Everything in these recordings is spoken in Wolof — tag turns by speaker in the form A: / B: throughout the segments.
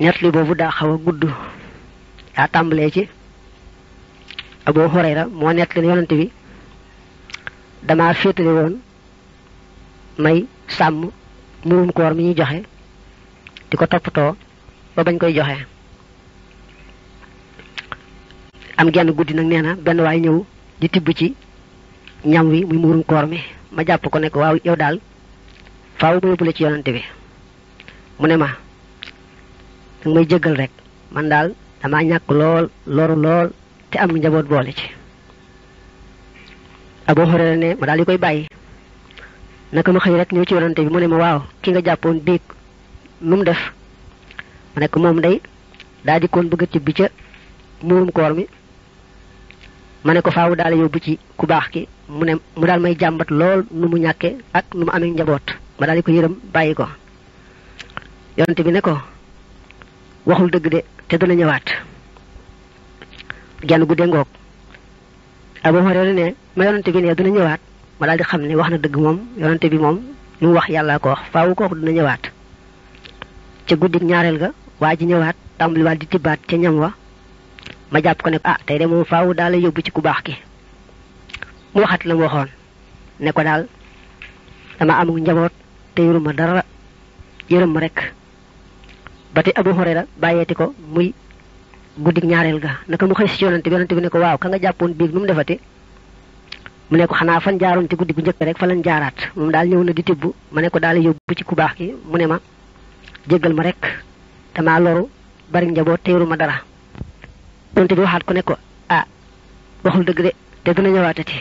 A: nettali boobu daa xaw a gudd daa tàmbalee ci Abu Hurayra moo nettali yonante bi damaa féetale woon may sàmm murum koor mi ñuy joxe di ko toppatoo ba bañ koy joxe am genn guddi nag nee na benn waay ñëw di tibb ci ñam wi muy murum koor mi ma jàpp ko nekk waaw yow daal faaw ma yóbbule ci yonante bi mu ne ma dang may jéggal rek man daal dama ñàkk lool loru lool te am njaboot boole ci abu hurayra ne ma daal di koy bàyyi naka ma xëy rek ñëw ci yonante bi mu ne ma waaw ki nga jàppoon biig num def ma ne ko moom day daa di koon bëgg ci bicca ca muurum koor mi ma ne ko faawu daal bu ci ku baax ki mu ne mu daal may jàmbat lool nu mu ñàkke ak nu mu amee njaboot ma daal di ko yërëm bàyyi ko yonante bi ne ko waxul dëgg de te dana ñëwaat genn guddee ngoog abu hurayra ne ma yonante bi ne dana ñëwaat ma daal di xam ne wax na mom, moom yonante bi moom lu wax yàlla ko wax faawu ko dana ñëwaat ca guddik ñaareel ga waa ji ñëwaat tàmbaliwaat di tibbaat ca ñam wa ma jàpp ko ne ah tey de moom faawu daal lay yóbbu ci ku baax ki mu waxat la mu ne ko daal dama amu njaboot te yoruma dara yërëm rek ba tey Abu Hurayra bàyyeeti ko muy guddig ñaareel ga naka mu xëy si yonante bi yonante ne ko waaw ka nga jàppoon biig mu defati mu ne xanaa fan jaaroon guddi gu njëkk rek fa lañ jaaraat moom daal ñëw na di tibb ma ne daal yóbbu ci ku baax ki mu ne ma ma rek damaa loru bari njaboot teeru ma dara yonante bi waxaat ko ne ko ah waxul dëgg de te dina ñëwaatati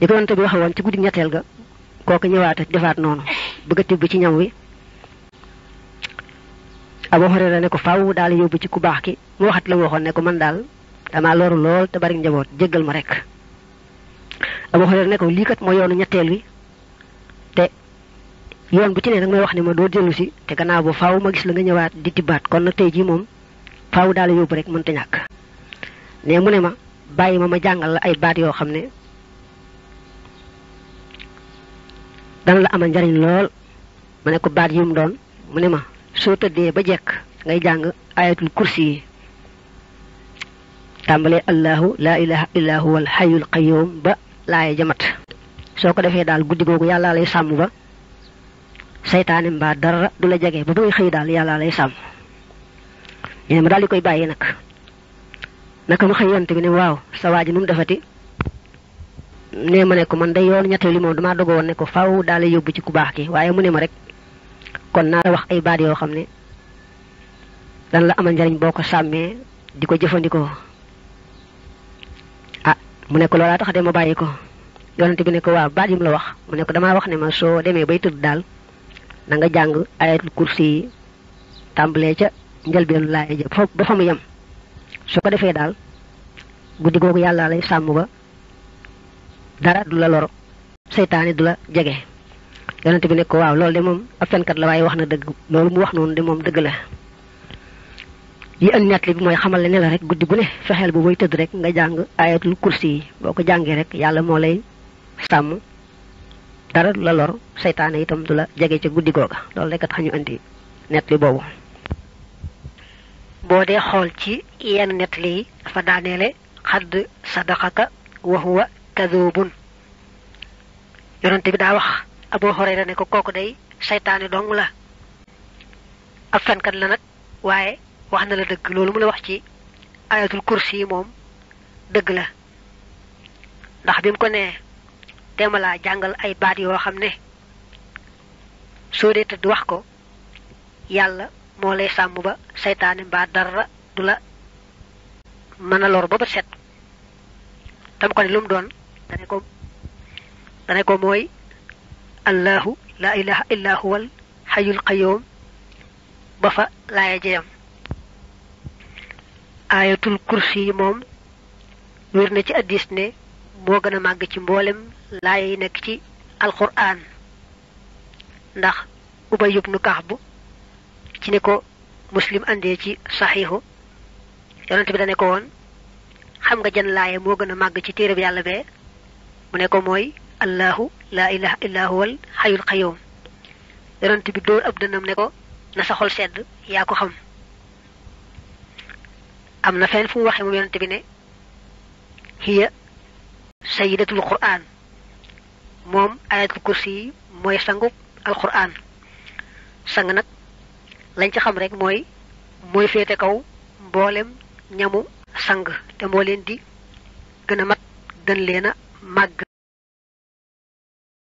A: li ko bi waxee ci guddi ñetteel ga kooku ñëwaatati defaat noonu bëgg a tibb ci ñam wi Abu Hurayra ne ko faaw daal yóbbu ci ku baax ki mu waxat la mu waxoon ne ko man daal damaa loru lool te bari njaboot jéggal ma rek Abu Hurayra ne ko lii kat mooy yoonu ñetteel wi te yoon bu ci ne nag may wax ne ma doo dellu si te gannaaw ba faaw ma gis la nga ñëwaat di baat kon nag tey jii moom faaw daal yóbbu rek mënta ñàkk ne mu ne ma bàyyi ma ma jàngal la ay baat yoo xam ne dana la amal njariñ lool ma ne ko baat yi mu doon mu ne ma so tedde ba jek ngay jang ayatul kursi tambale allah la ilaha illa huwa al hayyul qayyum ba laay jamat soko defé dal guddi gogu yalla lay sam ba shaytan mba dara du jage ba ngay xey dal yalla lay sam ñe ma dal koy baye nak nak mu xeyante bi ni waw sa waji num defati ne ma ne ko man day yoon ñettali mo dama dogo won ne ko faaw dal yobbu ci ku bax ki waye mu ne ma rek kon na la wax ay baat yoo xam ne dan la amal njariñ boo ko sàmmee di ko jëfandikoo ah mu ne ko loolaa tax de ma ko bi ne ko waa baat yim la wax mu ne ko wax ne ma soo demee bay tëdd daal na nga jàng ayatul kursi yi tàmbalee ca bi laay ja ba fa mu yem su ko defee daal guddi googu yàlla lay sàmm ba dara du la lor seytaane du la yonente bi ne waaw loolu de moom ab fenkat la waaye wax na dëgg loolu mu wax noonu de moom dëgg la yi ën nettali bi mooy xamal ne la rek guddi gu ne fexeel bu booy tëdd rek nga jàng ayatul kursi yi boo ko jàngee rek yàlla moo lay sàmm dara la lor seytaane itam du la jege ca guddi googa loolu rek tax ñu indi nettali boobu. boo dee xool ci yenn nettali yi dafa daaneele xadd sadaqaka wa huwa kadubun yonente bi daa wax. abu hurayra ne ko koku day shaytané dong la fan kan la nak waye wax na la deug lolou mu la wax ci ayatul kursi mom deug la ndax bim ko ne tema la jangal ay baat yo xamne so de tudd wax ko yalla mo lay sam ba shaytané ba dara dula mana lor ba set tam ko lum don dane ko dane ko moy allahu laa ilaha illa huwal xayul qayoom ba fa laaya jeyam aayatul kursi yi moom wér na ci addis ne moo gën a màgg ci mboolem laaya yi nekk ci alquran ndax ubay ibnu kaxb ci ne ko muslim andee ci saxiixu yonent bi dane ko woon xam nga jan laaya moo gën a màgg ci téere bi yàlla bee mu ne ko mooy allahu la ilaha illa huwal hayyul qayyum yonent bi door ab dënam ne ko na sa xol sedd yaa ko xam am na fu waxe mu bi ne hiya sayyidatul qur'an mom ayat kursi moy sangu alquran sang nak lañ ci xam rek moy moy fete kaw mbolem ñamu sang te mo leen di gëna mat lena leena mag